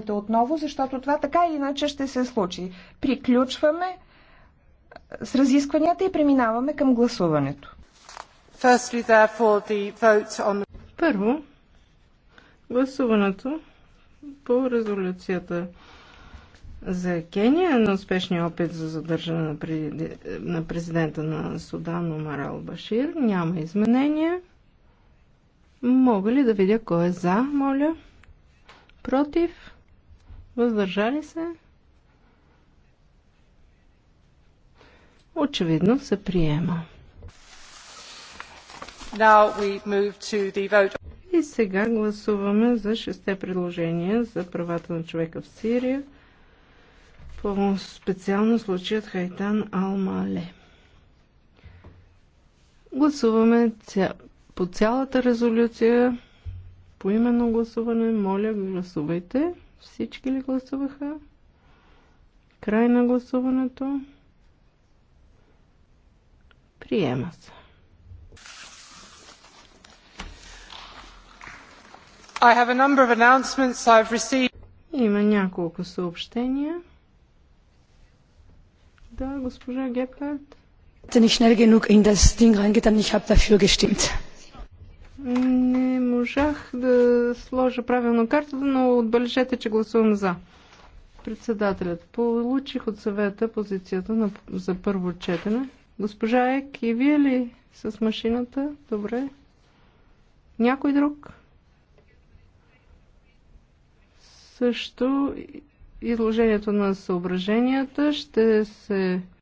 разпоредбите отново, защото това така или иначе ще се случи. Приключваме с разискванията и преминаваме към гласуването. Първо, гласуването по резолюцията за Кения на успешния опит за задържане на президента на Судан Марал Башир. Няма изменения. Мога ли да видя кой е за, моля? Против? Въздържали се? Очевидно се приема. Now we move to the vote. И сега гласуваме за шесте предложения за правата на човека в Сирия. По специално случаят Хайтан Алмале. Гласуваме ця... по цялата резолюция, по именно гласуване. Моля, гласувайте. Всички ли гласуваха? Край на гласуването. Приема се. I have a number of announcements I've received. Има няколко съобщения. Да, госпожа Гепхард. Nicht schnell genug in das Ding reingetan. Ich habe dafür gestimmt можах да сложа правилно карта, но отбележете, че гласувам за. Председателят, получих от съвета позицията на, за първо четене. Госпожа Ек, и вие ли с машината? Добре. Някой друг? Също изложението на съображенията ще се